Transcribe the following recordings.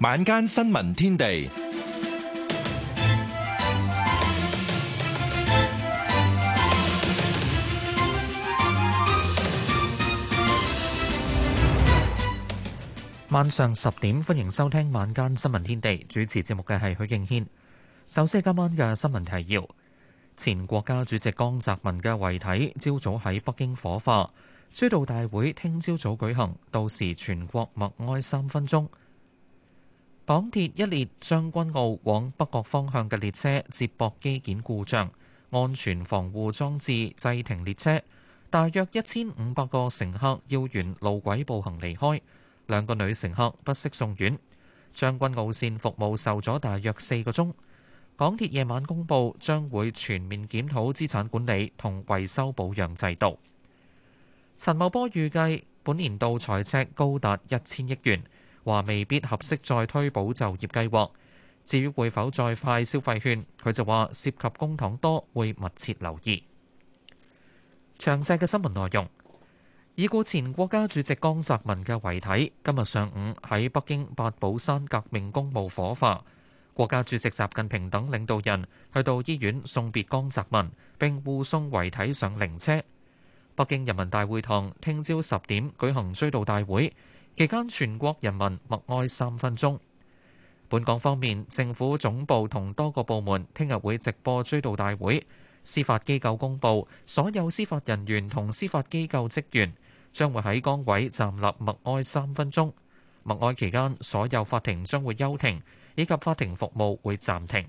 晚間新聞天地，晚上十點，歡迎收聽晚間新聞天地。主持節目嘅係許敬軒。首先，今晚嘅新聞提要：前國家主席江澤民嘅遺體朝早喺北京火化，追悼大會聽朝早舉行，到時全國默哀三分鐘。港鐵一列將軍澳往北角方向嘅列車接駁機件故障，安全防護裝置制停列車，大約一千五百個乘客要沿路軌步行離開，兩個女乘客不適送院。將軍澳線服務受阻大約四個鐘。港鐵夜晚公佈將會全面檢討資產管理同維修保養制度。陳茂波預計本年度財赤高達一千億元。話未必合適再推保就業計劃。至於會否再派消費券，佢就話涉及公帑多，會密切留意。詳細嘅新聞內容：已故前國家主席江澤民嘅遺體今日上午喺北京八寶山革命公墓火化。國家主席習近平等領導人去到醫院送別江澤民，並護送遺體上靈車。北京人民大會堂聽朝十點舉行追悼大會。期間全國人民默哀三分鐘。本港方面，政府總部同多個部門聽日會直播追悼大會。司法機構公布，所有司法人員同司法機構職員將會喺崗位站立默哀三分鐘。默哀期間，所有法庭將會休庭，以及法庭服務會暫停。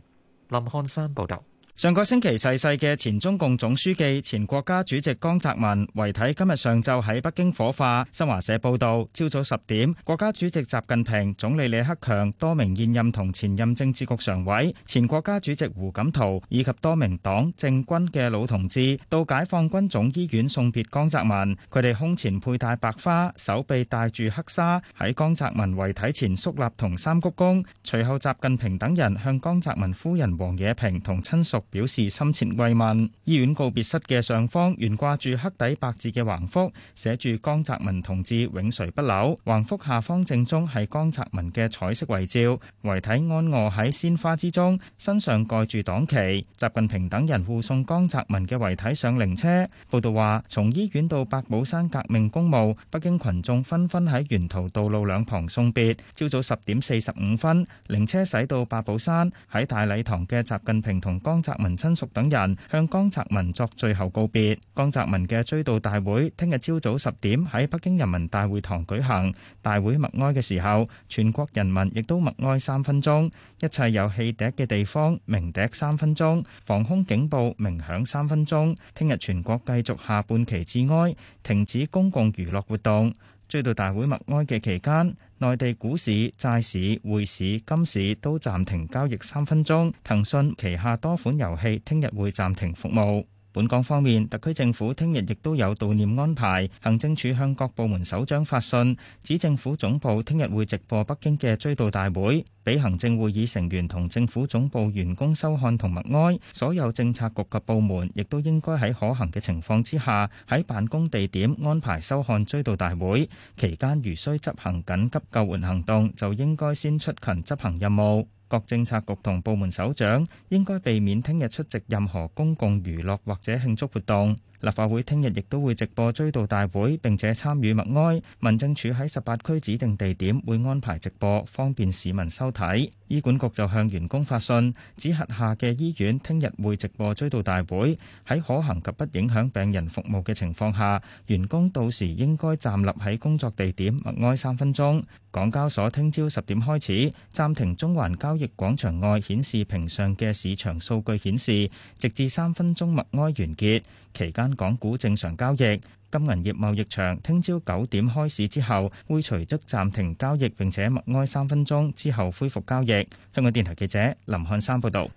林漢山報道。上個星期逝世嘅前中共總書記、前國家主席江澤民遺體今日上晝喺北京火化。新華社報道，朝早十點，國家主席習近平、總理李克強、多名現任同前任政治局常委、前國家主席胡錦濤以及多名黨政軍嘅老同志到解放軍總醫院送別江澤民。佢哋胸前佩戴白花，手臂戴住黑紗，喺江澤民遺體前肅立同三鞠躬。隨後，習近平等人向江澤民夫人王冶坪同親屬表示深切慰問。醫院告別室嘅上方懸掛住黑底白字嘅橫幅，寫住江澤民同志永垂不朽。橫幅下方正中係江澤民嘅彩色遺照，遺體安臥喺鮮花之中，身上蓋住黨旗。習近平等人護送江澤民嘅遺體上靈車。報道話，從醫院到八寶山革命公墓，北京群眾紛紛喺沿途道路兩旁送別。朝早十點四十五分，靈車駛到八寶山，喺大禮堂嘅習近平同江澤。民親屬等人向江澤民作最後告別。江澤民嘅追悼大會聽日朝早十點喺北京人民大會堂舉行。大會默哀嘅時候，全國人民亦都默哀三分鐘。一切有汽笛嘅地方鳴笛三分鐘，防空警報鳴響三分鐘。聽日全國繼續下半旗致哀，停止公共娛樂活動。追悼大會默哀嘅期間，內地股市、債市、匯市、金市都暫停交易三分鐘，騰訊旗下多款遊戲聽日會暫停服務。本港方面，特區政府聽日亦都有悼念安排。行政署向各部門首長發信，指政府總部聽日會直播北京嘅追悼大會，俾行政會議成員同政府總部員工收看同默哀。所有政策局及部門亦都應該喺可行嘅情況之下，喺辦公地點安排收看追悼大會。期間如需執行緊急救援行動，就應該先出勤執行任務。各政策局同部門首長應該避免聽日出席任何公共娛樂或者慶祝活動。立法會聽日亦都會直播追悼大會，並且參與默哀。民政處喺十八區指定地點會安排直播，方便市民收睇。醫管局就向員工發信，指轄下嘅醫院聽日會直播追悼大會。喺可行及不影響病人服務嘅情況下，員工到時應該站立喺工作地點默哀三分鐘。港交所聽朝十點開始，暫停中環交易廣場外顯示屏上嘅市場數據顯示，直至三分鐘默哀完結。期間港股正常交易，金銀業貿易場聽朝九點開市之後會隨即暫停交易，並且默哀三分鐘之後恢復交易。香港電台記者林漢山報導。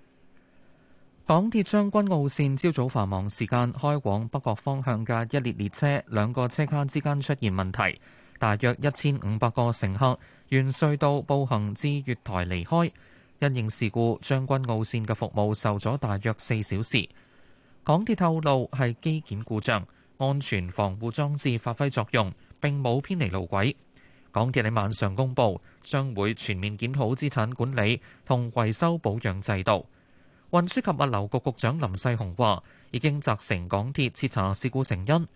港鐵將軍澳線朝早，早繁忙時間開往北角方向嘅一列列車，兩個車廂之間出現問題，大約一千五百個乘客沿隧道步行至月台離開。因應事故，將軍澳線嘅服務受阻大約四小時。港鐵透露係機件故障，安全防護裝置發揮作用，並冇偏離路軌。港鐵喺晚上公布將會全面檢討資產管理同維修保養制度。運輸及物流局局長林世雄話：已經責成港鐵徹查事故成因。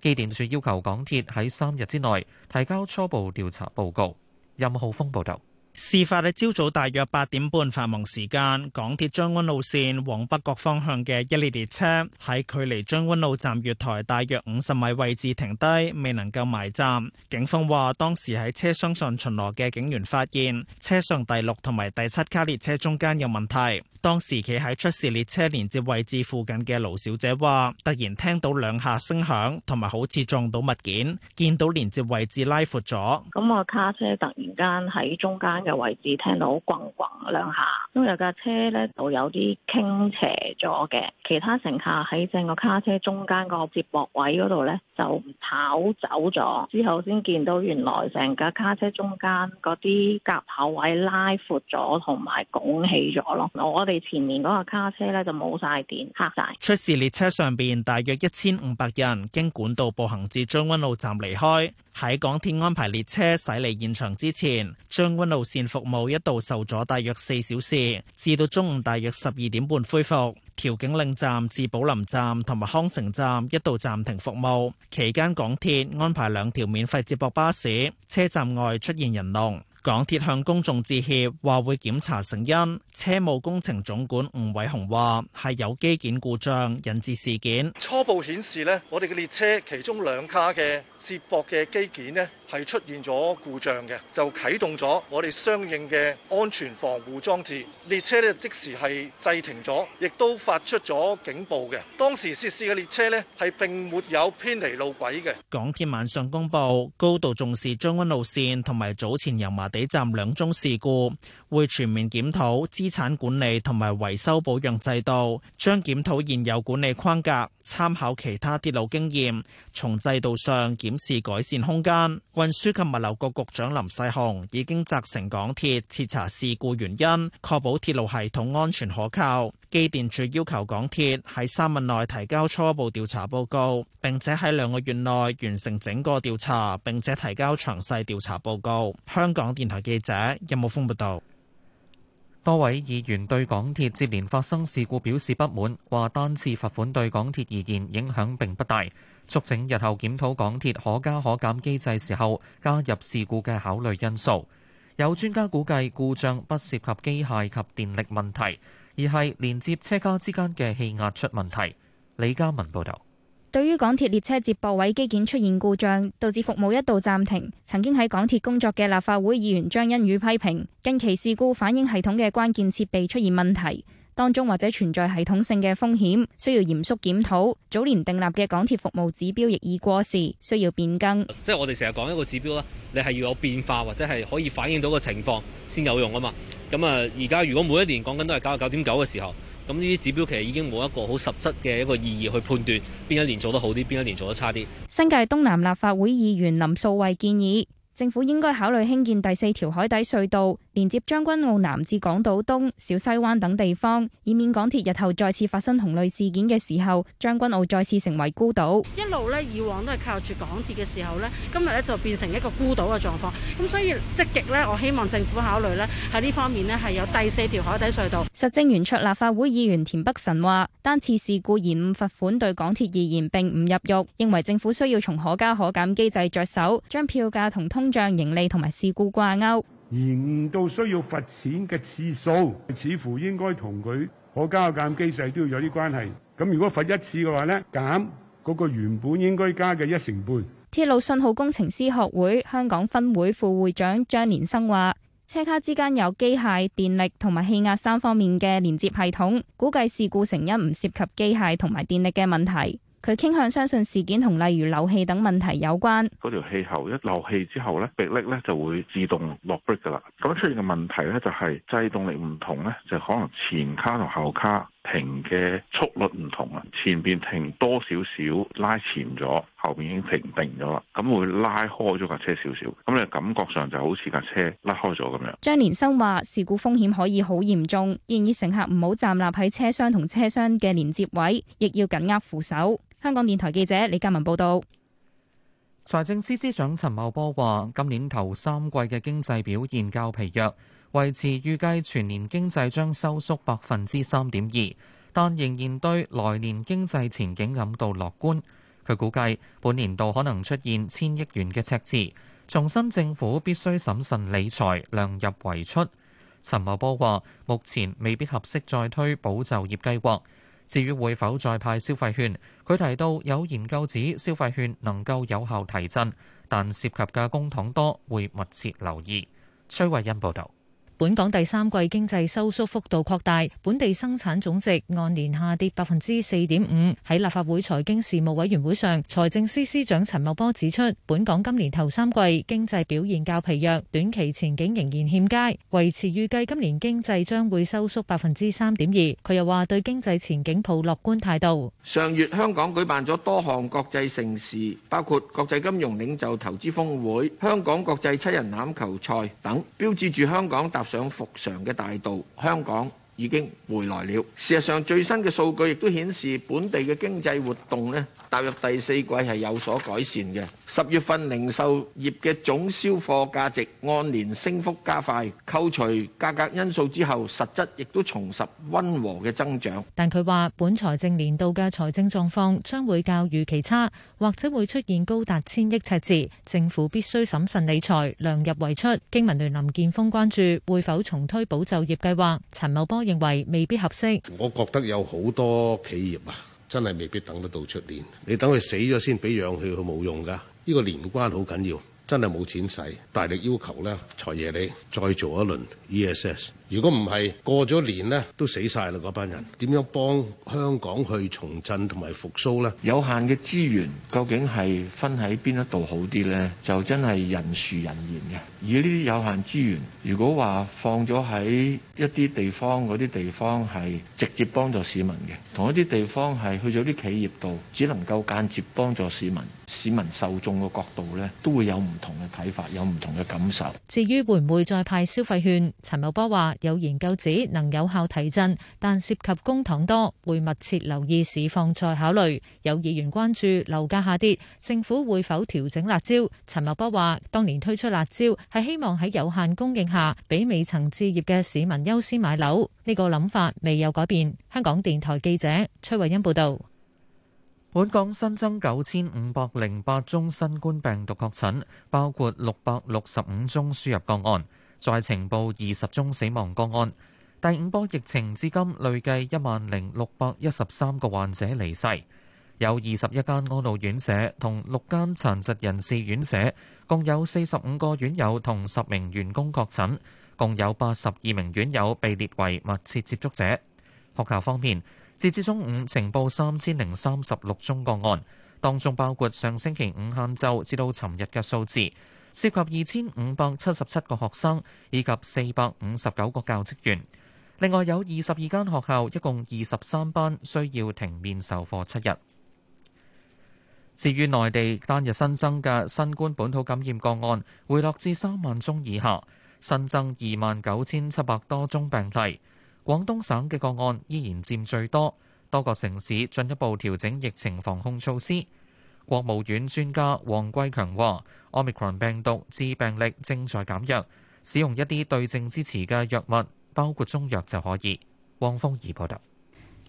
機電署要求港鐵喺三日之內提交初步調查報告。任浩峰報導。事發喺朝早大約八點半繁忙時間，港鐵將軍澳線往北角方向嘅一列列車喺距離將軍澳站月台大約五十米位置停低，未能夠埋站。警方話當時喺車廂上巡邏嘅警員發現車上第六同埋第七卡列車中間有問題。當時企喺出事列車連接位置附近嘅盧小姐話，突然聽到兩下聲響，同埋好似撞到物件，見到連接位置拉闊咗。咁啊，卡車突然間喺中間，嘅位置聽到咣咣兩下，因為架車咧就有啲傾斜咗嘅，其他乘客喺整個卡車中間個接駁位嗰度咧就跑走咗，之後先見到原來成架卡車中間嗰啲夾口位拉闊咗，同埋拱起咗咯。我哋前面嗰個卡車咧就冇晒電，黑晒。出事列車上邊大約一千五百人經管道步行至將軍澳站離開。喺港鐵安排列車駛嚟現場之前，將軍澳線服務一度受阻大約四小時，至到中午大約十二點半恢復。調景嶺站至寶林站同埋康城站一度暫停服務，期間港鐵安排兩條免費接駁巴士，車站外出現人龍。港鐵向公眾致歉，話會檢查成因。車務工程總管吳偉雄話：係有機件故障引致事件。初步顯示呢，我哋嘅列車其中兩卡嘅接駁嘅機件呢。係出現咗故障嘅，就啟動咗我哋相應嘅安全防護裝置，列車呢即時係制停咗，亦都發出咗警報嘅。當時涉事嘅列車呢係並沒有偏離路軌嘅。港鐵晚上公布，高度重視將軍路線同埋早前油麻地站兩宗事故，會全面檢討資產管理同埋維修保養制度，將檢討現有管理框架，參考其他鐵路經驗。從制度上檢視改善空間。運輸及物流局局長林世雄已經責成港鐵徹查事故原因，確保鐵路系統安全可靠。機電署，要求港鐵喺三日內提交初步調查報告，並且喺兩個月內完成整個調查，並且提交詳細調查報告。香港電台記者任木峰報道。多位議員對港鐵接連發生事故表示不滿，話單次罰款對港鐵而言影響並不大。促請日後檢討港鐵可加可減機制時候加入事故嘅考慮因素。有專家估計故障不涉及機械及電力問題，而係連接車卡之間嘅氣壓出問題。李嘉文報道，對於港鐵列車接駁位機件出現故障，導致服務一度暫停，曾經喺港鐵工作嘅立法會議員張欣宇批評，近期事故反映系統嘅關鍵設備出現問題。當中或者存在系統性嘅風險，需要嚴肅檢討。早年訂立嘅港鐵服務指標亦已過時，需要變更。即係我哋成日講一個指標啦，你係要有變化或者係可以反映到個情況先有用啊嘛。咁啊，而家如果每一年講緊都係九十九點九嘅時候，咁呢啲指標其實已經冇一個好實質嘅一個意義去判斷邊一年做得好啲，邊一年做得差啲。新界東南立法會議員林素慧建議，政府應該考慮興建第四條海底隧道。連接將軍澳南至港島東、小西灣等地方，以免港鐵日後再次發生同類事件嘅時候，將軍澳再次成為孤島。一路咧，以往都係靠住港鐵嘅時候咧，今日咧就變成一個孤島嘅狀況。咁所以積極咧，我希望政府考慮咧喺呢方面咧係有第四條海底隧道。實政圓桌立法會議員田北辰話：單次事故延誤罰款對港鐵而言並唔入獄，認為政府需要從可加可減機制着手，將票價同通脹、盈利同埋事故掛鈎。延誤到需要罰錢嘅次數，似乎應該同佢可加可減機制都要有啲關係。咁如果罰一次嘅話呢，減嗰個原本應該加嘅一成半。鐵路信號工程師學會香港分會副會長張連生話，車卡之間有機械、電力同埋氣壓三方面嘅連接系統，估計事故成因唔涉及機械同埋電力嘅問題。佢傾向相信事件同例如漏氣等問題有關。嗰條氣喉一漏氣之後咧，迫力咧就會自動落 break 噶啦。咁出現嘅問題咧就係制動力唔同咧，就可能前卡同後卡。停嘅速率唔同啊，前邊停多少少拉前咗，後邊已經停定咗啦，咁會拉開咗架車少少，咁你感覺上就好似架車拉開咗咁樣。張連生話：事故風險可以好嚴重，建議乘客唔好站立喺車廂同車廂嘅連接位，亦要緊握扶手。香港電台記者李嘉文報道。財政司司長陳茂波話：今年頭三季嘅經濟表現較疲弱。維持預計全年經濟將收縮百分之三點二，但仍然對來年經濟前景感到樂觀。佢估計本年度可能出現千億元嘅赤字，重申政府必須審慎理財，量入為出。陳茂波話：目前未必合適再推保就業計劃。至於會否再派消費券，佢提到有研究指消費券能夠有效提振，但涉及嘅公帑多，會密切留意。崔慧欣報導。本港第三季經濟收縮幅度擴大，本地生產總值按年下跌百分之四點五。喺立法會財經事務委員會上，財政司司長陳茂波指出，本港今年頭三季經濟表現較疲弱，短期前景仍然欠佳，維持預計今年經濟將會收縮百分之三點二。佢又話對經濟前景抱樂觀態度。上月香港舉辦咗多項國際盛事，包括國際金融領袖投資峰會、香港國際七人欖球賽等，標誌住香港達想復常嘅大道，香港已經回來了。事實上，最新嘅數據亦都顯示本地嘅經濟活動呢，踏入第四季係有所改善嘅。十月份零售業嘅總銷貨價值按年升幅加快，扣除價格因素之後，實質亦都重拾溫和嘅增長。但佢話，本財政年度嘅財政狀況將會較預期差，或者會出現高達千億赤字，政府必須審慎理財，量入為出。經民聯林健鋒關注會否重推保就業計劃？陳茂波。認為未必合適。我覺得有好多企業啊，真係未必等得到出年。你等佢死咗先俾氧佢，佢冇用噶。呢、這個年關好緊要，真係冇錢使。大力要求咧，財爺你再做一輪 ESS。如果唔係，過咗年咧都死晒啦嗰班人。點樣幫香港去重振同埋復蘇咧？有限嘅資源究竟係分喺邊一度好啲咧？就真係人言人殊嘅。而呢啲有限資源，如果話放咗喺一啲地方，嗰啲地方係直接幫助市民嘅；同一啲地方係去咗啲企業度，只能夠間接幫助市民。市民受眾個角度呢，都會有唔同嘅睇法，有唔同嘅感受。至於會唔會再派消費券？陳茂波話：有研究指能有效提振，但涉及公帑多，會密切留意市況再考慮。有議員關注樓價下跌，政府會否調整辣招？陳茂波話：當年推出辣招。係希望喺有限供應下，俾未曾置業嘅市民優先買樓。呢個諗法未有改變。香港電台記者崔慧欣報道，本港新增九千五百零八宗新冠病毒確診，包括六百六十五宗輸入個案，再呈報二十宗死亡個案。第五波疫情至今累計一萬零六百一十三個患者離世。有二十一間安老院舍同六間殘疾人士院舍，共有四十五個院友同十名員工確診，共有八十二名院友被列為密切接觸者。學校方面，截至中午呈報三千零三十六宗個案，當中包括上星期五晏晝至到尋日嘅數字，涉及二千五百七十七個學生以及四百五十九個教職員。另外有二十二間學校，一共二十三班需要停面授課七日。至於內地單日新增嘅新冠本土感染個案回落至三萬宗以下，新增二萬九千七百多宗病例。廣東省嘅個案依然佔最多，多個城市進一步調整疫情防控措施。國務院專家黃桂強話，奧密克戎病毒致病力正在減弱，使用一啲對症支持嘅藥物，包括中藥就可以。黃鳳儀報道。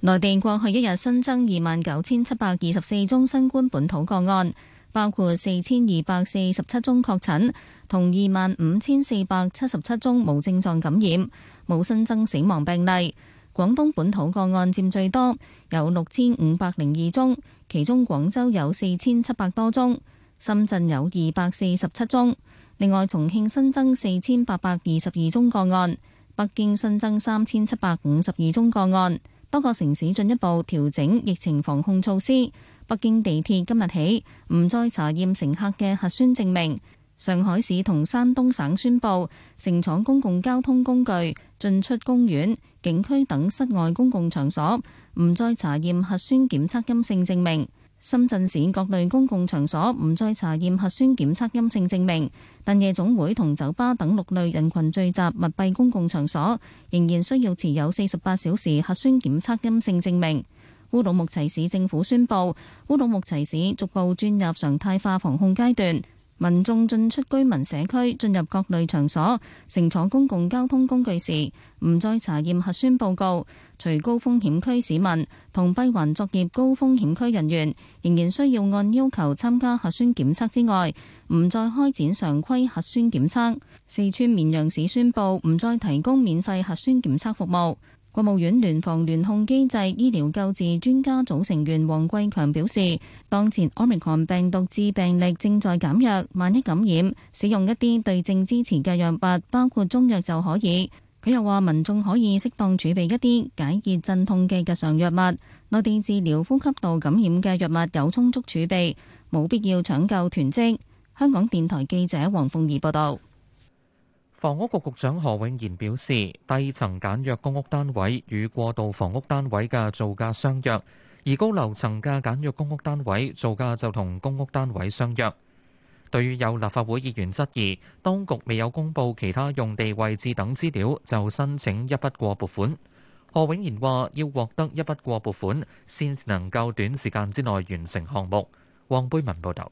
內地過去一日新增二萬九千七百二十四宗新冠本土個案，包括四千二百四十七宗確診，同二萬五千四百七十七宗無症狀感染，冇新增死亡病例。廣東本土個案佔最多，有六千五百零二宗，其中廣州有四千七百多宗，深圳有二百四十七宗。另外，重慶新增四千八百二十二宗個案，北京新增三千七百五十二宗個案。多個城市進一步調整疫情防控措施。北京地鐵今日起唔再查驗乘客嘅核酸證明。上海市同山東省宣布，乘坐公共交通工具、進出公園、景區等室外公共場所，唔再查驗核酸檢測陰性證明。深圳市各類公共場所唔再查驗核酸檢測陰性證明，但夜總會同酒吧等六類人群聚集密閉公共場所仍然需要持有四十八小時核酸檢測陰性證明。烏魯木齊市政府宣布，烏魯木齊市逐步轉入常態化防控階段。民眾進出居民社區、進入各類場所、乘坐公共交通工具時，唔再查驗核酸報告。除高風險區市民同閉環作業高風險區人員仍然需要按要求參加核酸檢測之外，唔再開展常規核酸檢測。四川綿陽市宣布唔再提供免費核酸檢測服務。國務院聯防聯控機制醫療救治專家組成員黃桂強表示，當前奧密克戎病毒致病力正在減弱，萬一感染，使用一啲對症支持嘅藥物，包括中藥就可以。佢又話，民眾可以適當儲備一啲解熱鎮痛嘅日常藥物。內地治療呼吸道感染嘅藥物有充足儲備，冇必要搶購囤積。香港電台記者黃鳳儀報道。房屋局局長何永賢表示，低層簡約公屋單位與過渡房屋單位嘅造價相若，而高樓層嘅簡約公屋單位造價就同公屋單位相若。對於有立法會議員質疑，當局未有公布其他用地位置等資料就申請一筆過撥款，何永賢話要獲得一筆過撥款，先能夠短時間之內完成項目。黃貝文報導。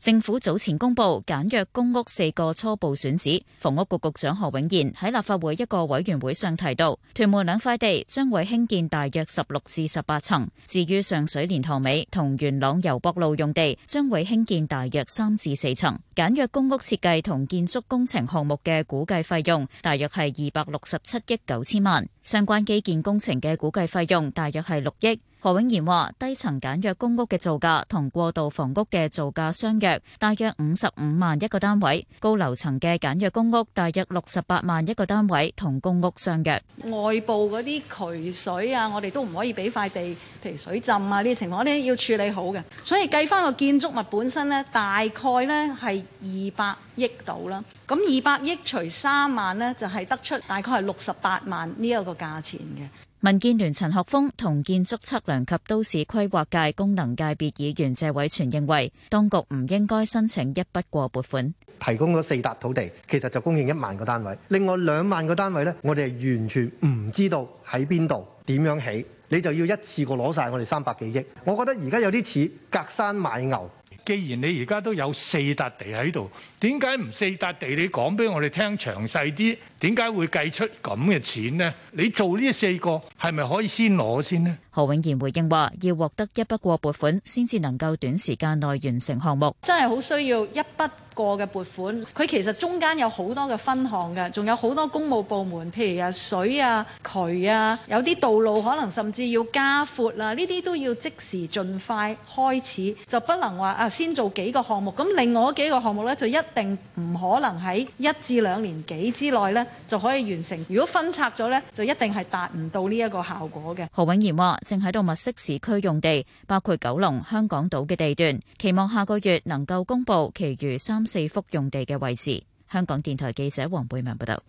政府早前公布簡約公屋四個初步選址，房屋局局長何永賢喺立法會一個委員會上提到，屯門兩塊地將會興建大約十六至十八層，至於上水蓮塘尾同元朗油駁路用地將會興建大約三至四層。簡約公屋設計同建築工程項目嘅估計費用大約係二百六十七億九千萬，相關基建工程嘅估計費用大約係六億。何永賢話：低層簡約公屋嘅造價同過渡房屋嘅造價相若，大約五十五萬一個單位；高樓層嘅簡約公屋大約六十八萬一個單位，同公屋相若。外部嗰啲渠水啊，我哋都唔可以俾塊地，譬如水浸啊呢啲情況咧，要處理好嘅。所以計翻個建築物本身呢，大概呢係二百億度啦。咁二百億除三萬呢，就係、是、得出大概係六十八萬呢一個價錢嘅。民建聯陳學鋒同建築測量及都市規劃界功能界別議員謝偉全認為，當局唔應該申請一筆過撥款，提供咗四笪土地，其實就供應一萬個單位，另外兩萬個單位呢，我哋完全唔知道喺邊度，點樣起，你就要一次過攞晒我哋三百幾億，我覺得而家有啲似隔山買牛。既然你而家都有四笪地喺度，點解唔四笪地你講俾我哋聽詳細啲？點解會計出咁嘅錢呢？你做呢四個，係咪可以先攞先呢？何永賢回應話，要獲得一筆過撥款，先至能夠短時間內完成項目，真係好需要一筆。個嘅撥款，佢其實中間有好多嘅分項嘅，仲有好多公務部門，譬如啊水啊渠啊，有啲道路可能甚至要加闊啦、啊，呢啲都要即時盡快開始，就不能話啊先做幾個項目，咁另外嗰幾個項目呢，就一定唔可能喺一至兩年幾之內呢就可以完成。如果分拆咗呢，就一定係達唔到呢一個效果嘅。何永賢話：正喺度物色市區用地，包括九龍香港島嘅地段，期望下個月能夠公布，其餘三四幅用地嘅位置。香港電台記者黃貝文報道：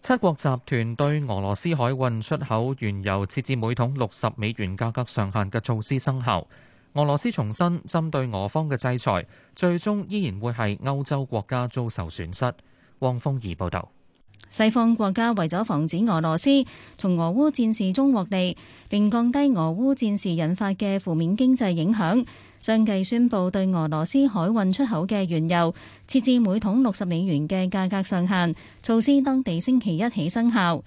七國集團對俄羅斯海運出口原油設置每桶六十美元價格上限嘅措施生效。俄羅斯重申，針對俄方嘅制裁，最終依然會係歐洲國家遭受損失。汪峰儀報道。西方國家為咗防止俄羅斯從俄烏戰事中獲利，並降低俄烏戰事引發嘅負面經濟影響，相繼宣佈對俄羅斯海運出口嘅原油設置每桶六十美元嘅價格上限，措施當地星期一起生效。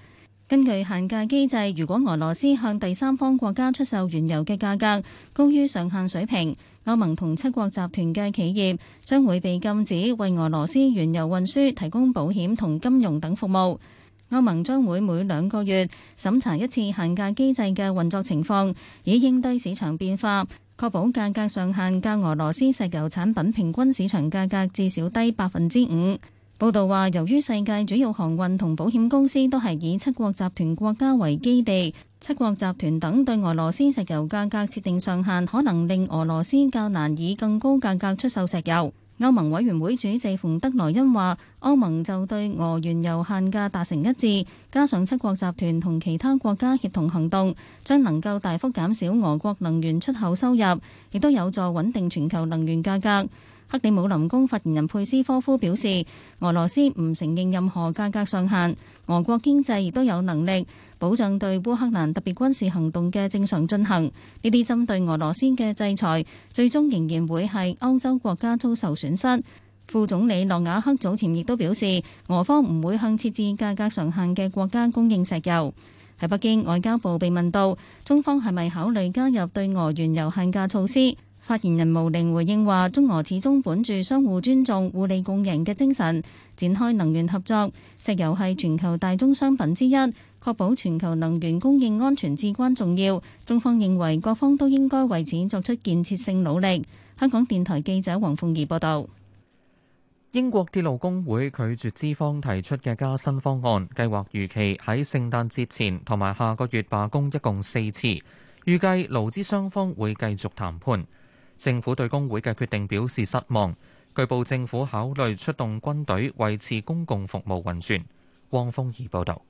根據限價機制，如果俄羅斯向第三方國家出售原油嘅價格高於上限水平，歐盟同七國集團嘅企業將會被禁止為俄羅斯原油運輸提供保險同金融等服務。歐盟將會每兩個月審查一次限價機制嘅運作情況，以應對市場變化，確保價格上限較俄羅斯石油產品平均市場價格至少低百分之五。報道話，由於世界主要航運同保險公司都係以七國集團國家為基地，七國集團等對俄羅斯石油價格設定上限，可能令俄羅斯較難以更高價格出售石油。歐盟委員會主席馮德萊恩話，歐盟就對俄原油限價達成一致，加上七國集團同其他國家協同行動，將能夠大幅減少俄國能源出口收入，亦都有助穩定全球能源價格。克里姆林宮發言人佩斯科夫表示，俄羅斯唔承認任何價格上限，俄國經濟亦都有能力保障對烏克蘭特別軍事行動嘅正常進行。呢啲針對俄羅斯嘅制裁，最終仍然會係歐洲國家遭受損失。副總理諾瓦克早前亦都表示，俄方唔會向設置價格上限嘅國家供應石油。喺北京，外交部被問到，中方係咪考慮加入對俄原油限價措施？發言人毛寧回應話：中俄始終本住相互尊重、互利共贏嘅精神展開能源合作。石油係全球大宗商品之一，確保全球能源供應安全至關重要。中方認為，各方都應該為此作出建設性努力。香港電台記者黃鳳儀報道。英國鐵路工會拒絕資方提出嘅加薪方案，計劃預期喺聖誕節前同埋下個月罷工，一共四次。預計勞資雙方會繼續談判。政府對工會嘅決定表示失望，據報政府考慮出動軍隊維持公共服務運轉。汪峰怡報導。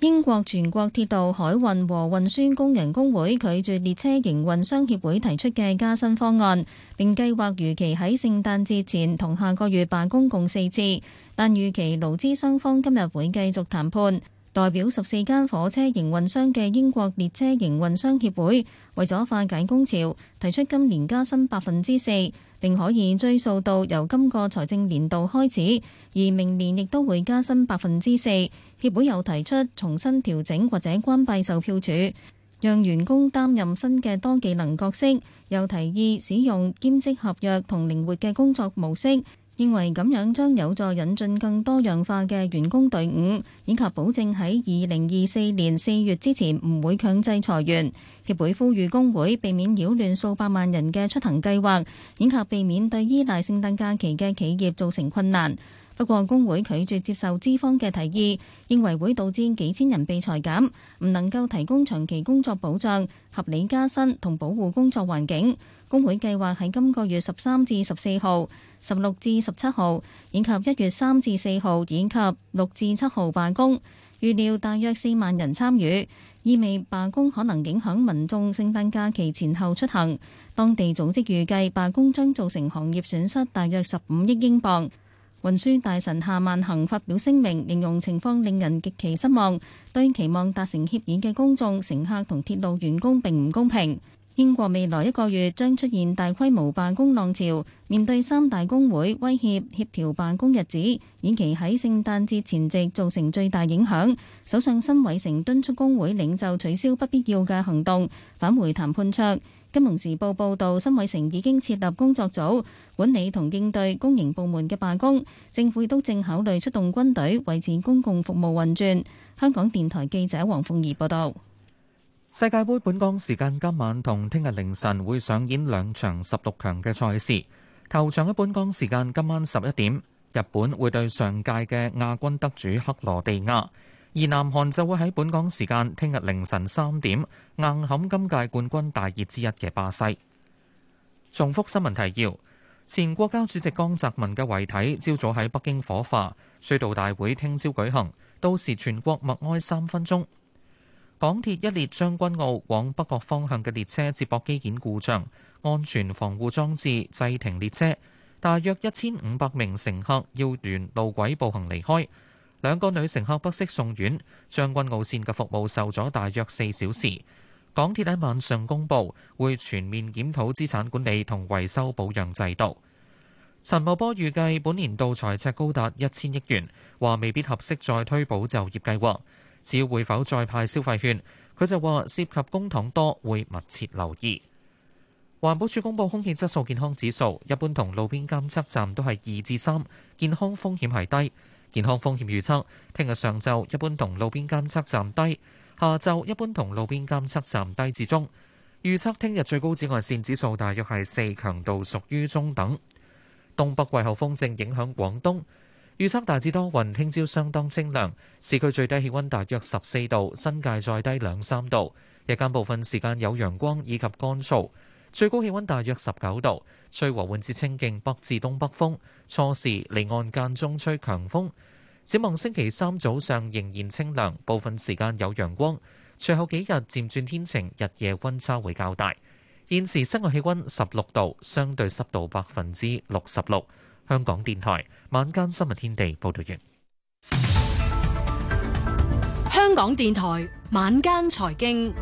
英國全國鐵道海運和運輸工人工會拒絕列車營運商協會提出嘅加薪方案，並計劃如期喺聖誕節前同下個月辦公共四次，但預期勞資雙方今日會繼續談判。代表十四間火車營運商嘅英國列車營運商協會，為咗化解工潮，提出今年加薪百分之四，並可以追溯到由今個財政年度開始，而明年亦都會加薪百分之四。協會又提出重新調整或者關閉售票處，讓員工擔任新嘅多技能角色，又提議使用兼職合約同靈活嘅工作模式。認為咁樣將有助引進更多樣化嘅員工隊伍，以及保證喺二零二四年四月之前唔會強制裁員。協會呼籲工會避免擾亂數百萬人嘅出行計劃，以及避免對依賴聖誕假期嘅企業造成困難。不過，工會拒絕接受資方嘅提議，認為會導致幾千人被裁減，唔能夠提供長期工作保障、合理加薪同保護工作環境。工會計劃喺今個月十三至十四號、十六至十七號，以及一月三至四號，以及六至七號罷工。預料大約四萬人參與，意味罷工可能影響民眾聖誕假期前後出行。當地組織預計罷工將造成行業損失大約十五億英鎊。運輸大臣夏萬恒發表聲明，形容情況令人極其失望，對期望達成協議嘅公眾、乘客同鐵路員工並唔公平。英國未來一個月將出現大規模罷工浪潮，面對三大工會威脅協調罷工日子，延期喺聖誕節前夕造成最大影響。首相辛偉誠敦促工會領袖取消不必要嘅行動，返回談判桌。金融時報報導，辛偉誠已經設立工作組，管理同應對公營部門嘅罷工。政府亦都正考慮出動軍隊維持公共服務運轉。香港電台記者黃鳳儀報道。世界盃本港時間今晚同聽日凌晨會上演兩場十六強嘅賽事，頭場喺本港時間今晚十一點，日本會對上屆嘅亞軍得主克羅地亞，而南韓就會喺本港時間聽日凌晨三點硬撼今屆冠軍大熱之一嘅巴西。重複新聞提要：前國家主席江澤民嘅遺體朝早喺北京火化，追悼大會聽朝舉行，到時全國默哀三分鐘。港鐵一列將軍澳往北角方向嘅列車接駁機件故障，安全防護裝置製停列車，大約一千五百名乘客要沿路軌步行離開。兩個女乘客不適送院。將軍澳線嘅服務受阻大約四小時。港鐵喺晚上公布，會全面檢討資產管理同維修保養制度。陳茂波預計本年度財赤高達一千億元，話未必合適再推保就業計劃。至於會否再派消費券，佢就話涉及公帑多，會密切留意。環保署公布空氣質素健康指數，一般同路邊監測站都係二至三，健康風險係低。健康風險預測，聽日上晝一般同路邊監測站低，下晝一般同路邊監測站低至中。預測聽日最高紫外線指數大約係四，強度屬於中等。東北季候風正影響廣東。預測大致多雲，聽朝相當清涼，市區最低氣温大約十四度，新界再低兩三度。日間部分時間有陽光以及乾燥，最高氣温大約十九度，吹和緩至清勁北至東北風。初時離岸間中吹強風。展望星期三早上仍然清涼，部分時間有陽光。隨後幾日漸轉天晴，日夜温差會較大。現時室外氣温十六度，相對濕度百分之六十六。香港電台晚間新聞天地報道完。香港電台晚間財經，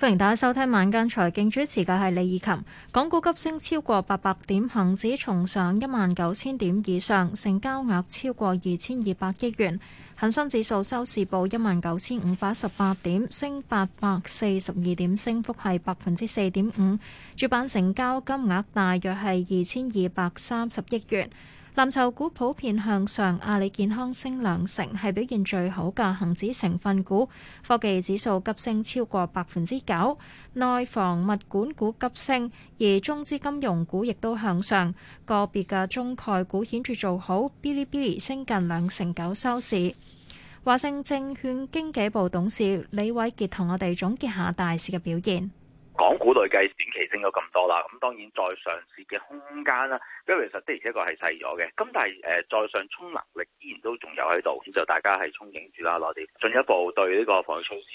歡迎大家收聽晚間財經。主持嘅係李以琴。港股急升超過八百點，恒指重上一萬九千點以上，成交額超過二千二百億元。恒生指數收市報一萬九千五百十八點，升八百四十二點，升幅係百分之四點五。主板成交金額大約係二千二百三十億元。藍籌股普遍向上，阿里健康升兩成，係表現最好嘅恒指成分股。科技指數急升超過百分之九，內房物管股急升，而中資金融股亦都向上。個別嘅中概股顯著做好，嗶哩嗶哩升近兩成九收市。華盛證券經紀部董事李偉傑同我哋總結下大市嘅表現。港股累計短期升咗咁多啦，咁當然再上市嘅空間啦，因為其實的而且確係細咗嘅。咁但係誒再上沖能力依然都仲有喺度，咁就大家係憧憬住啦，內地進一步對呢個防疫措施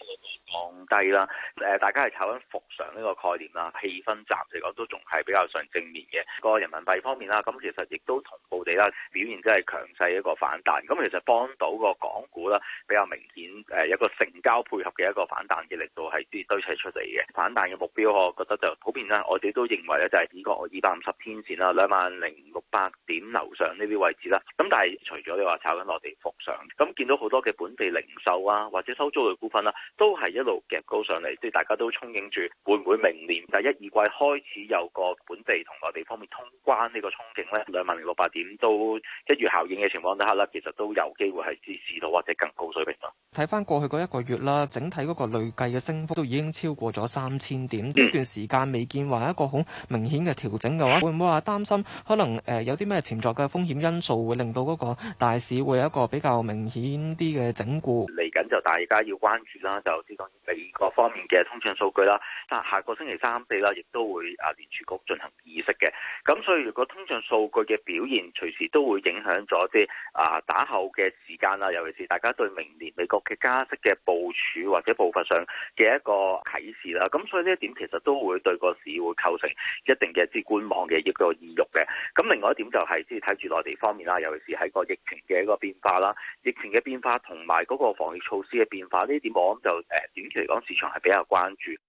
降低啦，誒大家係靠緊復常呢個概念啦，氣氛暫時嚟講都仲係比較上正面嘅。個人民幣方面啦，咁其實亦都同步地啦表現真係強勢一個反彈，咁其實幫到個港股啦比較明顯誒一個成交配合嘅一個反彈嘅力度係啲堆砌出嚟嘅，反彈嘅目標，我覺得就普遍啦，我哋都認為咧，就係呢個二百五十天線啦，兩萬零六百點樓上呢啲位置啦。咁但係除咗你話炒緊落地幅上，咁見到好多嘅本地零售啊，或者收租嘅股份啦，都係一路夾高上嚟，即係大家都憧憬住會唔會明年第一二季開始有個本地同內地方面通關呢個憧憬咧？兩萬零六百點都一月效應嘅情況底下啦，其實都有機會係支持到或者更高水平咯。睇翻過去嗰一個月啦，整體嗰個累計嘅升幅都已經超過咗三千點。咁呢段時間未見話一個好明顯嘅調整嘅話，會唔會話擔心可能誒有啲咩潛在嘅風險因素會令到嗰個大市會有一個比較明顯啲嘅整固。嚟緊就大家要關注啦，就知道美國方面嘅通脹數據啦。但下個星期三四啦，亦都會啊聯儲局進行議息嘅。咁所以如果通脹數據嘅表現隨時都會影響咗啲啊打後嘅時間啦，尤其是大家對明年美國嘅加息嘅部署或者步伐上嘅一個啟示啦。咁所以呢。點其實都會對個市會構成一定嘅一啲觀望嘅一個意欲嘅。咁另外一點就係即係睇住內地方面啦，尤其是喺個疫情嘅一個變化啦，疫情嘅變化同埋嗰個防疫措施嘅變化呢啲點我諗就誒短期嚟講市場係比較關注。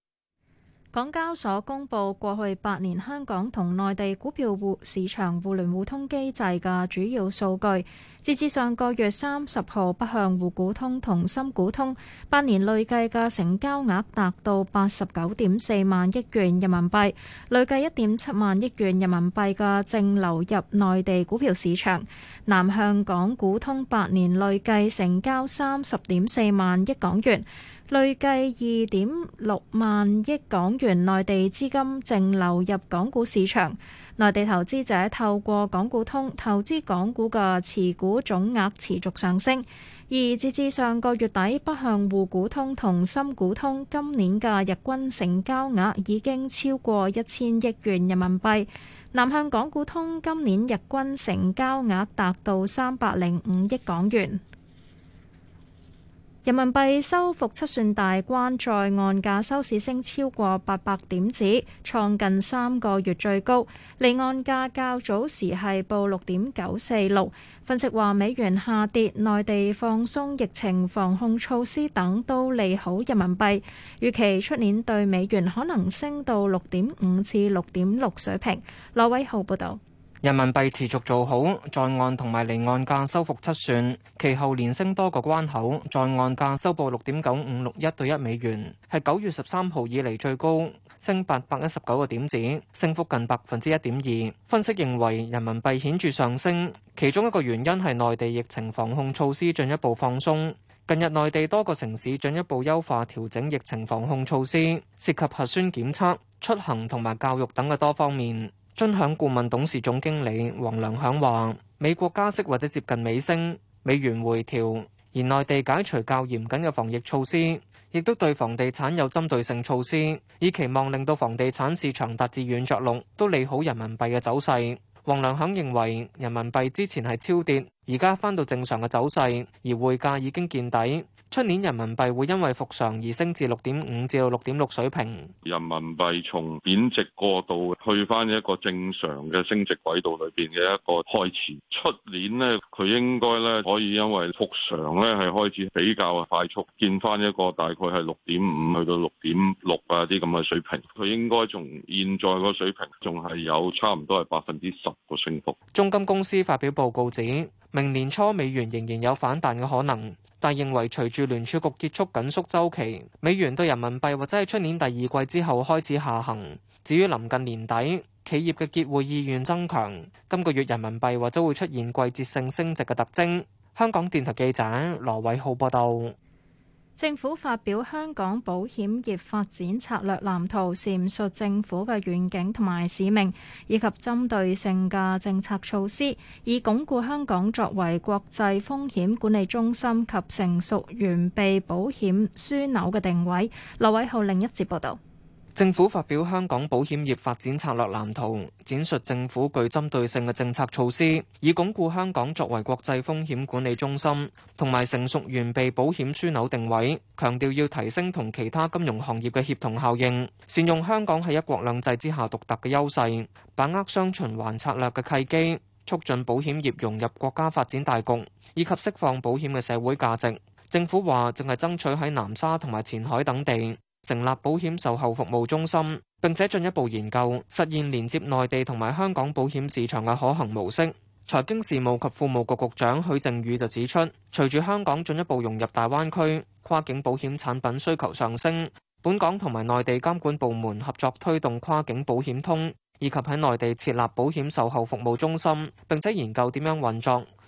港交所公布過去八年香港同內地股票互市場互聯互通機制嘅主要數據，截至上個月三十號，北向滬股通同深股通八年累計嘅成交額達到八十九點四萬億元人民幣，累計一點七萬億元人民幣嘅淨流入內地股票市場。南向港股通八年累計成交三十點四萬億港元。累計二點六萬億港元內地資金淨流入港股市場，內地投資者透過港股通投資港股嘅持股總額持續上升。而截至上個月底，北向滬股通同深股通今年嘅日均成交額已經超過一千億元人民幣，南向港股通今年日均成交額達到三百零五億港元。人民幣收復七算大關，在岸價收市升超過八百點子，創近三個月最高。離岸價較早時係報六點九四六。分析話美元下跌、內地放鬆疫情防控措施等都利好人民幣，預期出年對美元可能升到六點五至六點六水平。羅偉浩報導。人民幣持續做好在岸同埋離岸價收復七算，其後連升多個關口，在岸價收報六點九五六一對一美元，係九月十三號以嚟最高，升八百一十九個點子，升幅近百分之一點二。分析認為，人民幣顯著上升，其中一個原因係內地疫情防控措施進一步放鬆。近日內地多個城市進一步優化調整疫情防控措施，涉及核酸檢測、出行同埋教育等嘅多方面。尊享顧問董事總經理黃良響話，美國加息或者接近尾聲，美元回調，而內地解除較嚴謹嘅防疫措施，亦都對房地產有針對性措施，以期望令到房地產市場達至軟着陸，都利好人民幣嘅走勢。黃良響認為，人民幣之前係超跌，而家返到正常嘅走勢，而匯價已經見底。出年人民幣會因為復常而升至六點五至六點六水平。人民幣從貶值過渡去翻一個正常嘅升值軌道裏邊嘅一個開始。出年呢，佢應該咧可以因為復常咧係開始比較快速見翻一個大概係六點五去到六點六啊啲咁嘅水平。佢應該從現在個水平仲係有差唔多係百分之十個升幅。中金公司發表報告指，明年初美元仍然有反彈嘅可能。但係認為，隨住聯儲局結束緊縮週期，美元對人民幣或者係出年第二季之後開始下行。至於臨近年底，企業嘅結匯意願增強，今個月人民幣或者會出現季節性升值嘅特徵。香港電台記者羅偉浩報道。政府發表香港保險業發展策略藍圖，闡述政府嘅願景同埋使命，以及針對性嘅政策措施，以鞏固香港作為國際風險管理中心及成熟完備保險樞紐嘅定位。劉偉浩另一節報道。政府發表香港保險業發展策略藍圖，展述政府具針對性嘅政策措施，以鞏固香港作為國際風險管理中心，同埋成熟完備保險樞紐定位。強調要提升同其他金融行業嘅協同效應，善用香港喺一國兩制之下獨特嘅優勢，把握雙循環策略嘅契機，促進保險業融入國家發展大局，以及釋放保險嘅社會價值。政府話淨係爭取喺南沙同埋前海等地。成立保險售後服務中心，並且進一步研究實現連接內地同埋香港保險市場嘅可行模式。財經事務及庫務局局長許正宇就指出，隨住香港進一步融入大灣區，跨境保險產品需求上升，本港同埋內地監管部門合作推動跨境保險通，以及喺內地設立保險售後服務中心，並且研究點樣運作。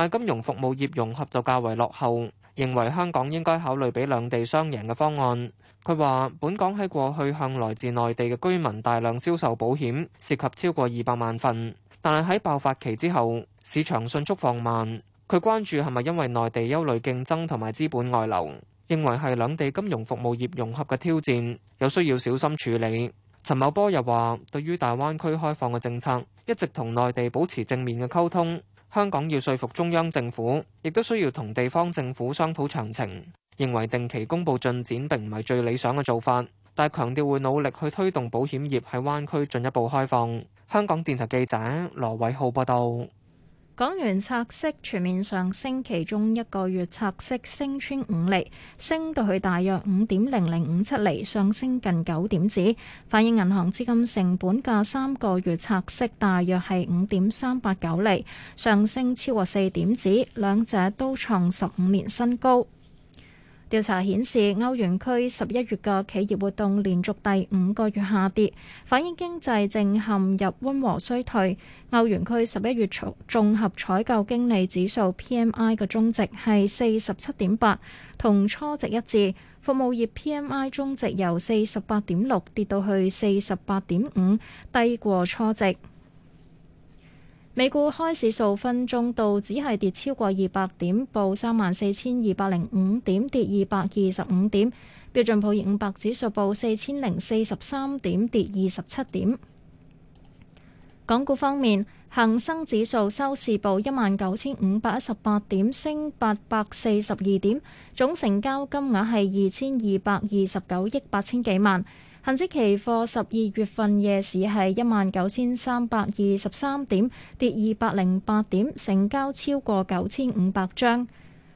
但金融服務業融合就較為落後，認為香港應該考慮俾兩地雙贏嘅方案。佢話本港喺過去向來自內地嘅居民大量銷售保險涉及超過二百萬份，但係喺爆發期之後市場迅速放慢。佢關注係咪因為內地憂慮競爭同埋資本外流，認為係兩地金融服務業融合嘅挑戰，有需要小心處理。陳茂波又話對於大灣區開放嘅政策，一直同內地保持正面嘅溝通。香港要說服中央政府，亦都需要同地方政府商討詳情。認為定期公布進展並唔係最理想嘅做法，但強調會努力去推動保險業喺灣區進一步開放。香港電台記者羅偉浩報道。港元拆息全面上升，其中一個月拆息升穿五厘，升到去大約五點零零五七厘，上升近九點子，反映銀行資金成本價，三個月拆息大約係五點三八九厘，上升超過四點子，兩者都創十五年新高。調查顯示，歐元區十一月嘅企業活動連續第五個月下跌，反映經濟正陷入溫和衰退。歐元區十一月綜合採購經理指數 （PMI） 嘅中值係四十七點八，同初值一致。服務業 PMI 中值由四十八點六跌到去四十八點五，低過初值。美股開市數分鐘，道指係跌超過二百點，報三萬四千二百零五點，跌二百二十五點。標準普爾五百指數報四千零四十三點，跌二十七點。港股方面，恒生指數收市報一萬九千五百一十八點，升八百四十二點，總成交金額係二千二百二十九億八千幾萬。恒指期貨十二月份夜市係一萬九千三百二十三點，跌二百零八點，成交超過九千五百張。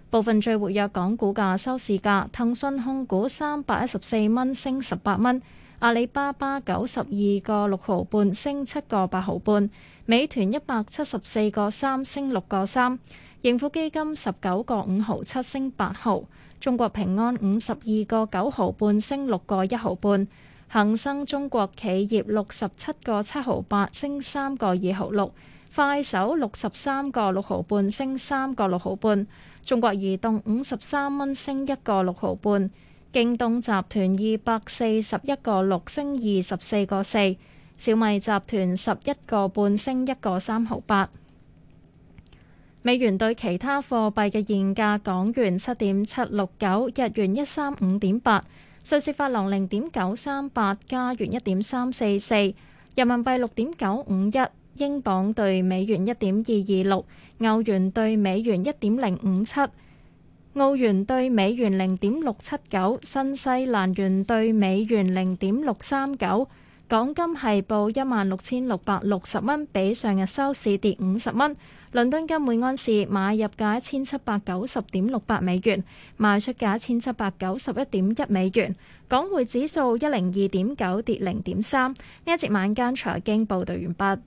部分最活躍港股價收市價：騰訊控股三百一十四蚊，升十八蚊，阿里巴巴九十二個六毫半，升七個八毫半，美團一百七十四個三，升六個三，盈富基金十九個五毫七，升八毫，中國平安五十二個九毫半，升六個一毫半。恒生中國企業六十七個七毫八，升三個二毫六；快手六十三個六毫半，升三個六毫半；中國移動五十三蚊，升一個六毫半；京東集團二百四十一個六，升二十四個四；小米集團十一個半，升一個三毫八。美元對其他貨幣嘅現價：港元七點七六九，日元一三五點八。瑞士法郎零點九三八，加元一點三四四，人民幣六點九五一，英鎊對美元一點二二六，歐元對美元一點零五七，澳元對美元零點六七九，新西蘭元對美元零點六三九，港金係報一萬六千六百六十蚊，比上日收市跌五十蚊。倫敦金每安士買入價一千七百九十點六八美元，賣出價一千七百九十一點一美元。港匯指數一零二點九跌零點三。呢一節晚間財經報道完畢。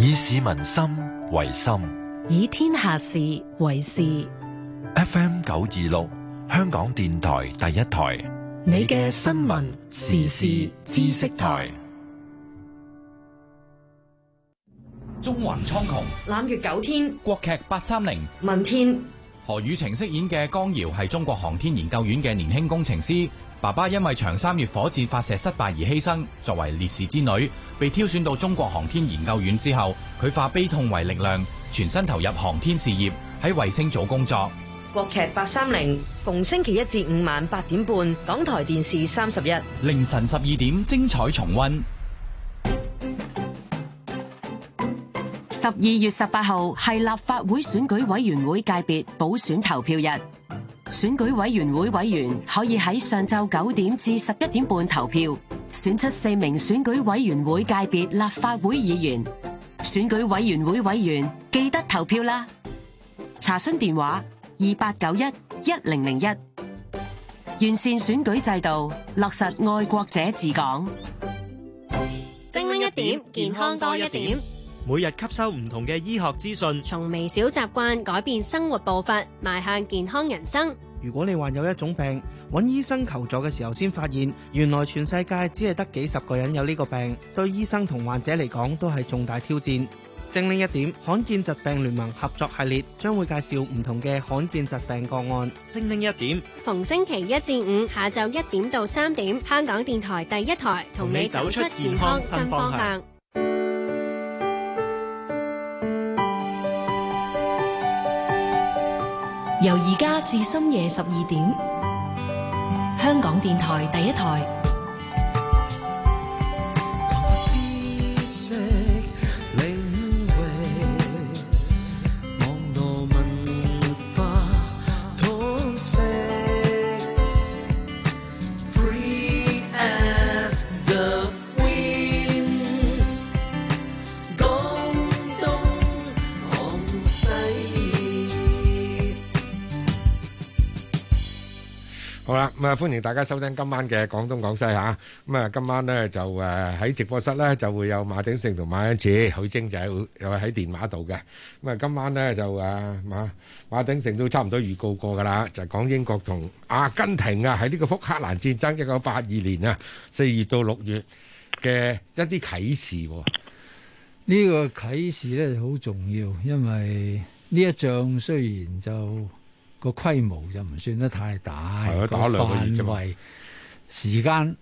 以市民心為心，以天下事為事。FM 九二六，香港電台第一台，你嘅新聞時事知識台。中環蒼穹，攬月九天。國劇八三零，問天何雨晴飾演嘅江瑤係中國航天研究院嘅年輕工程師，爸爸因為長三月火箭發射失敗而犧牲，作為烈士之女，被挑選到中國航天研究院之後，佢化悲痛為力量，全身投入航天事業，喺衛星組工作。國劇八三零，逢星期一至五晚八點半，港台電視三十一，凌晨十二點精彩重溫。十二月十八號係立法會選舉委員會界別補選投票日，選舉委員會委員可以喺上晝九點至十一點半投票，選出四名選舉委員會界別立法會議員。選舉委員會委員記得投票啦！查詢電話：二八九一一零零一。完善選舉制度，落實愛國者治港，精靈一點，健康多一點。每日吸收唔同嘅醫學資訊，從微小習慣改變生活步伐，邁向健康人生。如果你患有一種病，揾醫生求助嘅時候，先發現原來全世界只係得幾十個人有呢個病，對醫生同患者嚟講都係重大挑戰。精靈一點，罕見疾病聯盟合作系列將會介紹唔同嘅罕見疾病個案。精靈一點，逢星期一至五下晝一點到三點，香港電台第一台同你走出健康新方向。由而家至深夜十二點，香港電台第一台。歡迎大家收聽今晚嘅廣東廣西嚇咁啊！今晚咧就誒喺、啊、直播室咧就會有馬鼎盛同馬欣子、許晶仔又喺電話度嘅咁啊！今晚咧就啊馬馬鼎盛都差唔多預告過㗎啦，就係、講英國同阿根廷啊喺呢個福克蘭戰爭一九八二年啊四月到六月嘅一啲啟,啟示呢個啟示咧好重要，因為呢一仗雖然就～個規模就唔算得太大，的打個範圍、時間、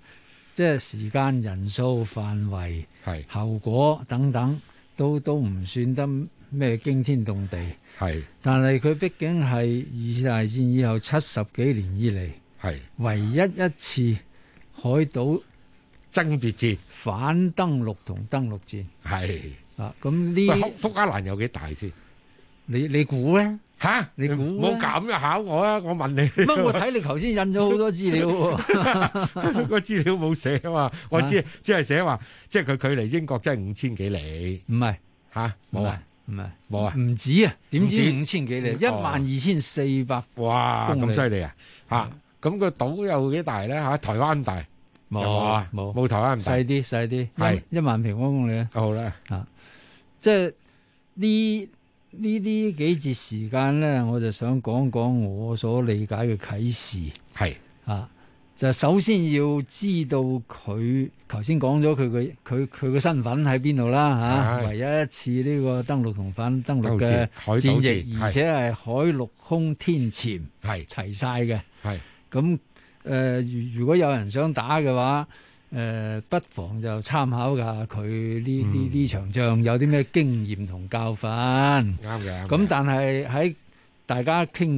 即、就、係、是、時間、人數、範圍、後果等等，都都唔算得咩驚天動地。係，是的 但係佢畢竟係二次大戰以後七十幾年以嚟，係是的 唯一一次海島的爭奪戰、反登陸同登陸戰。係啊的，咁呢這？福克蘭有幾大先？你你估咧？吓你，估？冇咁嘅考我啊！我問你，乜我睇你頭先印咗好多資料，個資料冇寫啊嘛？我知，即係寫話，即係佢距離英國真係五千幾里，唔係吓，冇啊，唔係冇啊，唔止啊，點知？五千幾里？一萬二千四百，哇，咁犀利啊！吓，咁個島有幾大咧？吓，台灣大，冇啊，冇，冇台灣咁大，細啲細啲，係一萬平方公里啊！好啦，吓，即係呢。呢啲幾節時間咧，我就想講講我所理解嘅啟示，係是啊，就首先要知道佢頭先講咗佢嘅佢佢嘅身份喺邊度啦吓，是唯一一次呢個登陸同反登陸嘅戰役，戰戰而且係海陸空天潛係是齊晒嘅，係咁誒，如果有人想打嘅話。誒、呃、不妨就參考下佢呢啲呢場仗有啲咩經驗同教訓，啱嘅、嗯。咁但係喺大家傾。